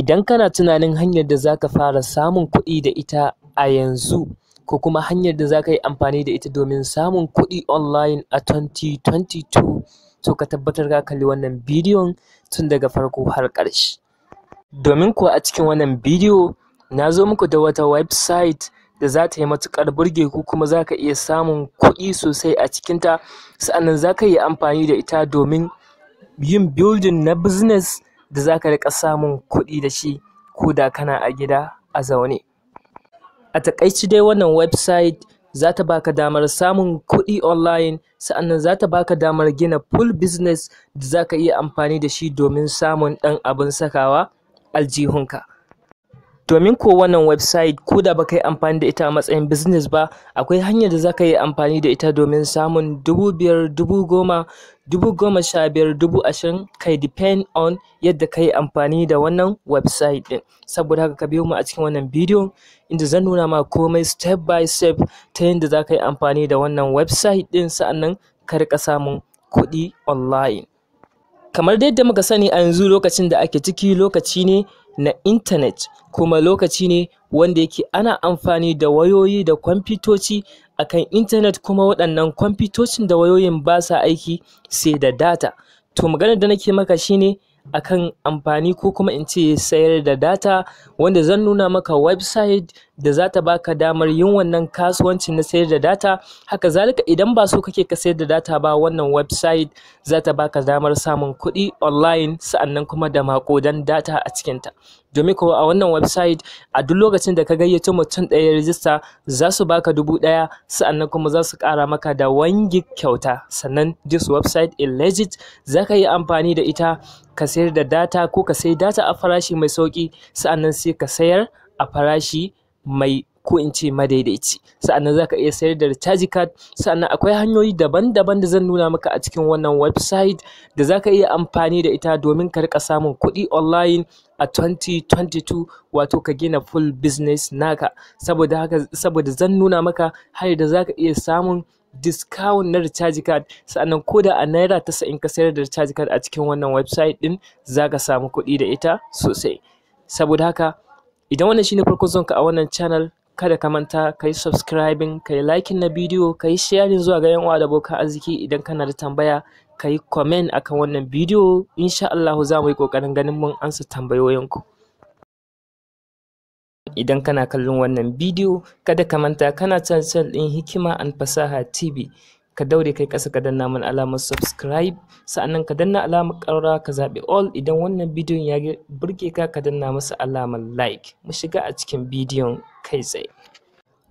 idan kana tunanin hanyar da za ka fara samun kuɗi da ita a yanzu ko kuma hanyar da za ka yi amfani da ita domin samun kuɗi online a 2022 to ka tabbatar ka kalli wannan bidiyon tun daga farko har ƙarshe. Domin kuwa a cikin wannan bidiyo na zo muku da wata website da za ta yi matuƙar burge ku kuma za ka iya samun kuɗi sosai a cikinta sa'annan za ka yi amfani da ita domin yin building na business da za ka riƙa samun kuɗi da shi ko da kana a gida a zaune. A taƙaice dai wannan website za ta baka damar samun kuɗi online sa'annan za ta baka damar gina full business da za ka iya amfani da shi domin samun ɗan abin sakawa aljihunka. Domin ko wannan website ko da baka yi amfani da ita a matsayin business ba akwai hanyar da za ka yi amfani da ita domin samun dubu biyar dubu goma dubu goma sha biyar dubu ashirin kai depend on yadda ka yi amfani da wannan website din. saboda haka ka biyo mu a cikin wannan bidiyo inda zan nuna ma komai step by step ta yadda za ka yi amfani da wannan website ɗin sa'annan ka riƙa samun kuɗi online kamar dai yadda muka sani a yanzu lokacin da ake ciki lokaci ne na intanet kuma lokaci ne wanda yake ana amfani da wayoyi da kwamfutoci akan intanet kuma waɗannan kwamfitocin da wayoyin ba sa aiki sai da data to maganar da nake maka shine akan amfani ko kuma in ce sayar da data wanda zan nuna maka website da za ta baka damar yin wannan kasuwanci na sayar da data haka zalika idan ba su kake ka sayar da data ba wannan website za ta baka damar samun kuɗi online sa'annan kuma da makodan data a cikinta domin kuwa a wannan website a duk lokacin da ka gayyato mutum ɗaya rijista za su baka dubu ɗaya sa'annan kuma za su ƙara maka da wangi kyauta sannan this website is legit za ka yi amfani da ita ka sayar da data ko ka sayi data a farashi mai sauƙi sa'annan sai ka sayar a farashi mai ko in ce madaidaici sa'annan ka iya sayar da recharge card sa'annan akwai hanyoyi daban-daban da zan nuna maka a cikin wannan website da za ka iya amfani da ita domin ka rika samun kuɗi online a 2022 wato ka gina full business naka saboda zan nuna maka har da za ka iya samun discount na recharge card sa'annan ko da a naira tasa'in ka sayar da recharge card a cikin wannan website din ka samu kuɗi da ita sosai saboda haka Idan wannan shine farko zonka a wannan channel kada ka manta ka yi subscribing, ka yi liking na bidiyo, ka yi sharing zuwa ga 'yan uwa da abokan arziki idan kana da tambaya ka yi comment akan wannan bidiyo insha Allah za mu yi kokarin ganin mun ansa ku. Idan kana kallon wannan bidiyo kada ka manta kana can din Hikima and Fasaha TV. ka daure kai kasa ka danna mana alamar subscribe sa'annan ka danna alamar karara ka zaɓi all idan wannan bidiyon ya burge ka ka danna masa alamar like mu shiga a cikin bidiyon kai tsaye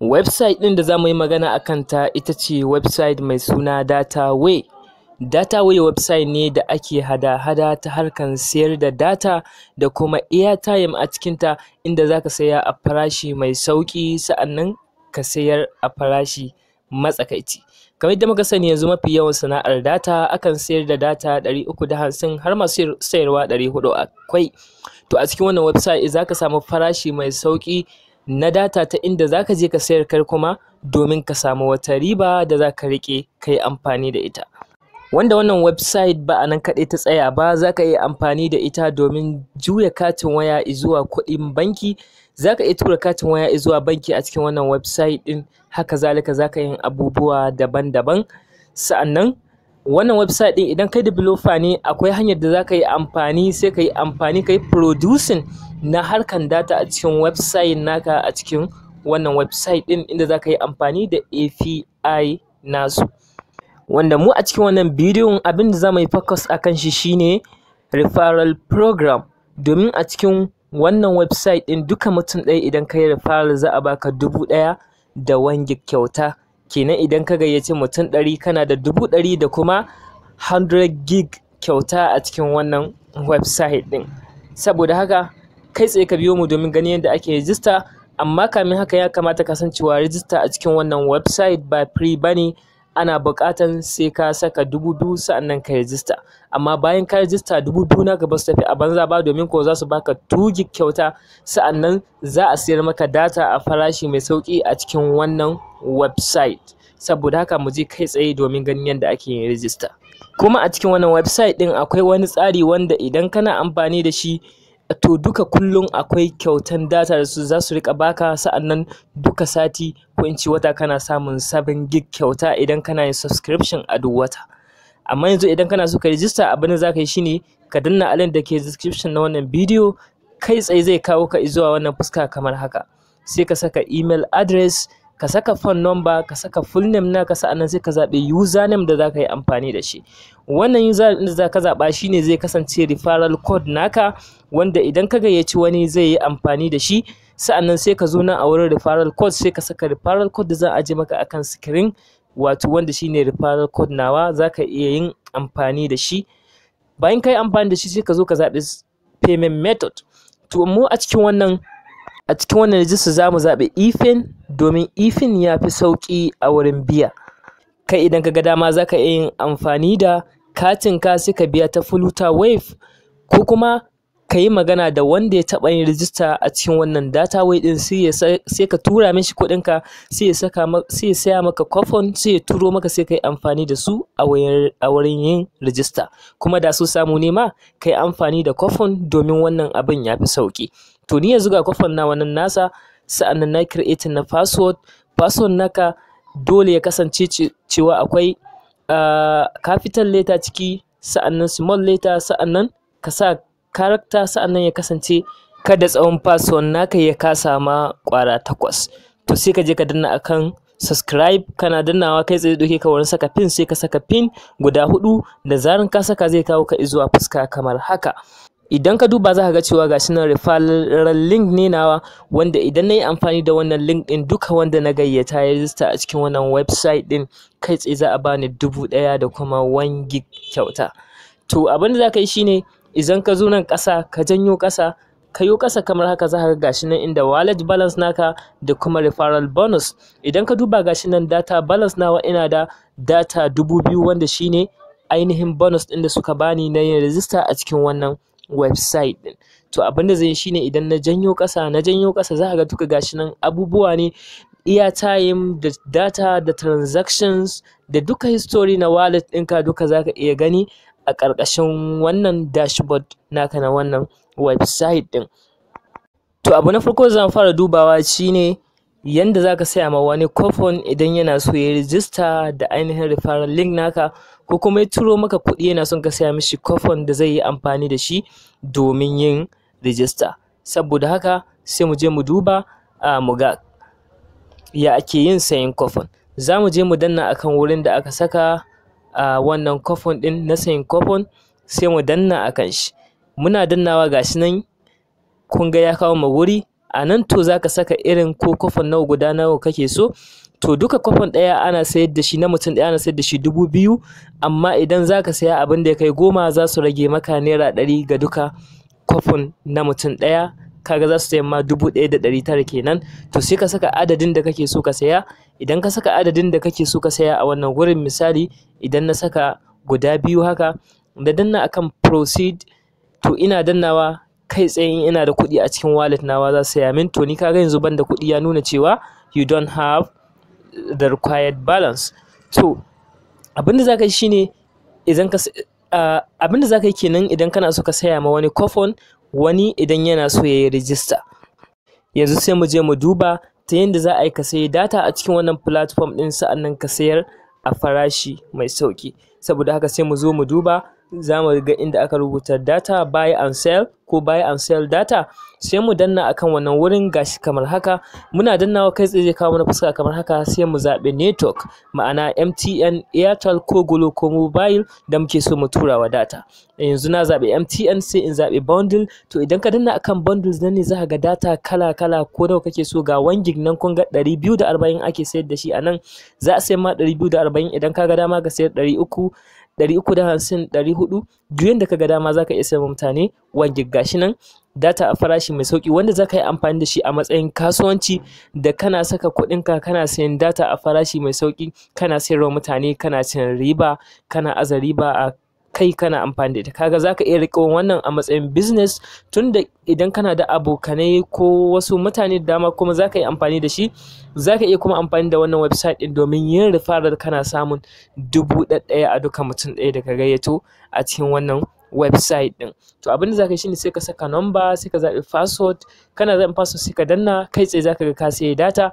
website ɗin da za mu yi magana a kanta ita ce website mai suna Data dataway website ne da ake hada-hada ta harkan sayar da data da kuma airtime a cikinta inda za ka saya a farashi mai sauki sa'annan ka sayar a farashi matsakaici kamar yadda muka sani yanzu mafi yawan sana'ar data akan sayar da data 350 har masu sayarwa 400 akwai to a cikin wannan website za ka samu farashi mai sauki na data ta inda za ka je ka sayar kar kuma domin ka samu wata riba da za ka rike kai amfani da ita wanda wannan website ba a nan kaɗai ta tsaya ba za ka iya amfani da ita domin juya katin waya zuwa kuɗin banki za ka iya tura katin waya zuwa banki a cikin wannan website ɗin haka zalika za ka yin abubuwa daban-daban sa'annan wannan website din idan kai developer ne akwai hanyar da za ka yi amfani sai ka yi amfani ka yi producing na harkan data a cikin website naka a cikin wannan website ɗin inda za ka yi amfani da API nasu wanda mu a cikin wannan bidiyon abin da za mu yi focus a kan shi shine referral program domin a cikin wannan website ɗin duka mutum ɗaya idan ka yi referral za a baka dubu ɗaya da wangi kyauta kenan idan ka gayyace mutum ɗari kana da dubu ɗari da kuma 100 gig kyauta a cikin wannan website ɗin saboda haka kai tsaye ka biyo mu domin ganin yadda ake rijista amma kamin haka ya kamata ka san cewa rijista a cikin wannan website ba free bane ana buƙatan sai ka saka dubu biyu sa'annan ka rijista amma bayan ka rijista dubu biyu na gaba su tafi a banza ba domin ko za su baka tugi kyauta sa'annan za a sayar maka data a farashi mai sauƙi a cikin wannan website saboda haka mu je kai tsaye domin ganin yadda ake yin rijista kuma a cikin wannan website din akwai wani tsari wanda idan kana amfani da shi to duka kullum akwai kyautan data da su za su rika baka sa'annan duka sati ko in ci wata kana samun 7 gig kyauta idan kana yin subscription a duk wata amma yanzu idan kana so ka rijista abin da za ka yi shine ka danna alin da ke description na wannan bidiyo kai tsaye zai kawo ka zuwa wannan fuska kamar haka sai ka saka email address ka saka phone number ka saka full name naka sa'annan sai ka zaɓi username da zaka yi amfani da shi wannan username da zaka zaba shine zai kasance referral code naka wanda idan ka gayyaci wani zai yi amfani da shi sa'annan sai ka zo nan a wurin referral code sai ka saka referral code da za a je maka akan screen wato wanda shine referral code nawa zaka iya yin amfani da shi bayan ka amfani da shi sai ka zo ka zaɓi payment method to mu a cikin wannan a cikin wannan register za mu zaɓi ifin domin ifin ya fi sauƙi a wurin biya. Kai idan ka ga dama za ka iya yin amfani da katinka sai ka biya ta fuluta Wave ko kuma ka yi magana da wanda ya taɓa yin rijista a cikin wannan data wai ɗin sai ka tura mishi kuɗinka sai sai ya saya maka kwafon sai ya turo maka sai ka yi amfani da su a wurin yin rijista kuma da su samu ne ma ka yi amfani da kwafon domin wannan abin ya fi sauƙi to ni yanzu ga kwafon na wannan nasa sa'annan na creating na password password naka dole ya kasance cewa akwai uh, capital letter ciki sa'annan small letter nan ka sa character nan ya kasance kada tsawon password naka ya kasa ma kwara takwas to sai ka je ka danna akan subscribe kana dannawa kai tsaye doke ka wurin saka pin sai ka saka pin guda hudu da zaran ka saka zai kawo ka zuwa fuska kamar haka idan ka duba za ka ga cewa gashi nan referral link ne nawa wanda idan na yi amfani da wannan link ɗin duka wanda na gayyata ya rijista a cikin wannan website ɗin kai tsaye za a bani dubu ɗaya da kuma 1 gig kyauta to abin da za ka yi shine idan ka zo nan ƙasa ka janyo ƙasa ka yi ƙasa kamar haka za ka ga gashi nan inda wallet balance naka da kuma referral bonus idan ka duba gashi nan data balance nawa ina da data dubu biyu wanda shine ainihin bonus ɗin da suka bani na yin rijista a cikin wannan website din to abin da zai shine idan na janyo kasa na janyo kasa za a ga duka gashi nan abubuwa ne iya time da data da transactions da duka history na wallet ɗinka duka za ka iya gani a ƙarƙashin wannan dashboard naka na wannan website din to abu na farko zan fara dubawa shine yanda zaka saya ma wani coupon idan yana so ya register da ainihin referral link naka ko kuma ya turo maka kuɗi yana son ka saya mishi kofon da zai yi amfani da shi domin yin rijista saboda haka sai mu je mu duba a mu ga ya ake yin sayan kofon za mu je mu danna akan wurin da aka saka a wannan kofon ɗin na sayan kofon sai mu danna akan shi muna dannawa gashi nan kun ga ya kawo mu wuri a nan to za ka saka irin ko kofon nawa guda nawa kake so to duka kwafin ɗaya ana sayar da shi na mutum ɗaya ana sayar da shi dubu biyu amma idan za ka saya abin da ya kai goma za su rage maka naira ɗari ga duka kwafin na mutum ɗaya kaga za su sayan ma dubu ɗaya da ɗari tara kenan to sai ka saka adadin da kake so ka saya idan ka saka adadin da kake so ka saya a wannan gurin misali idan na saka guda biyu haka da danna akan proceed to ina dannawa kai tsaye ina da kuɗi a cikin wallet nawa za su saya min to ni kaga yanzu ban da kuɗi ya nuna cewa you don't have the required balance to abinda za ka yi shine idan ka uh, abinda za ka yi kenan idan kana so ka saya ma wani kofon wani idan yana so ya yi rijista yanzu sai mu je mu duba ta yadda za a yi ka sayi data a cikin wannan platform ɗin sa'annan ka sayar a farashi mai sauki saboda haka sai mu zo mu duba za mu ga inda aka rubuta data buy and sell ko buy and sell data sai mu danna akan wannan wurin gashi kamar haka muna dannawa kai tsaye zai kawo mana fuska kamar haka sai mu zaɓi network ma'ana MTN Airtel ko Glo ko mobile da muke so mu turawa wa data yanzu na zaɓi MTN sai in zaɓi bundle to idan ka danna akan bundles nan ne za ga data kala kala ko nawa kake so ga 1 gig nan kun ga 240 ake sayar da shi a nan za a sayar ma 240 idan ka ga dama ka sayar 300 da 350 400 juyin da ga dama ka iya sayar mutane 1 gig gashi nan data a farashi mai sauki wanda za ka yi amfani da shi a matsayin kasuwanci da kana saka kuɗinka kana sayan data a farashi mai sauki kana sayarwa mutane kana cin riba kana aza riba a kai kana amfani da ita kaga zaka iya riƙe wannan a matsayin business da idan kana da abokanai ko wasu mutane da dama kuma zaka yi amfani da shi zaka iya kuma amfani da wannan website din domin yin referral kana samun dubu ɗaya a duka mutum ɗaya da ka gayyato a cikin wannan website ɗin. to abinda za zaka yi shine sai ka saka number sai ka zaɓi password kana zaɓin password sai ka danna kai tsaye zaka ga ka sayi data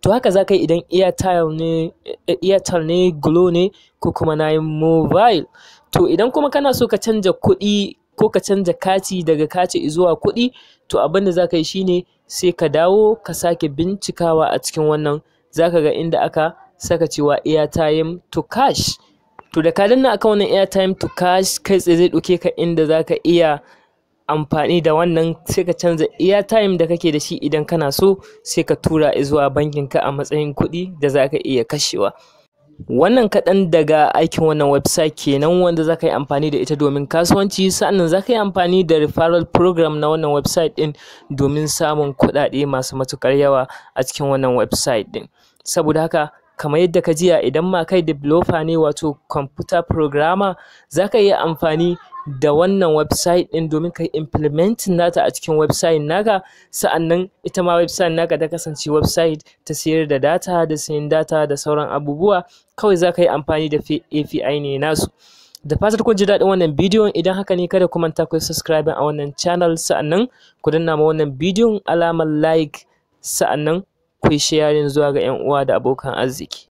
to haka za ka yi idan airtel ne glow ne ne ko kuma na yi mobile to idan kuma kana so ka canja kuɗi ko ka canja kati daga kati zuwa kuɗi to abin da za ka yi shine sai ka dawo ka sake bincikawa a cikin wannan za ka ga inda aka saka cewa airtime to cash to da ka danna aka wannan airtime to cash kai tsaye zai ɗauke ka inda za ka iya amfani da wannan sai ka canza airtime da kake da shi idan kana so sai ka tura zuwa bankinka a matsayin kuɗi da za ka iya kashewa wannan kaɗan daga aikin wannan website kenan wanda za ka yi amfani da ita domin kasuwanci sannan za ka yi amfani da referral program na wannan website ɗin domin samun kuɗaɗe masu matuƙar yawa a cikin wannan website ɗin saboda haka kamar yadda ka jiya idan ma kai developer ne wato computer programmer za ka iya amfani da wannan website ɗin domin ka implementing nata a cikin website naka sa'annan ita ma website naka ta kasance website ta sayar da data da sayin data da sauran abubuwa kawai za ka yi amfani da API ne nasu da fatar kun ji daɗin wannan bidiyon idan haka ne kada ku manta ku subscribe a wannan channel sa'annan ku danna ma wannan bidiyon alamar like sa'annan ku yi sharing zuwa ga 'yan uwa da abokan arziki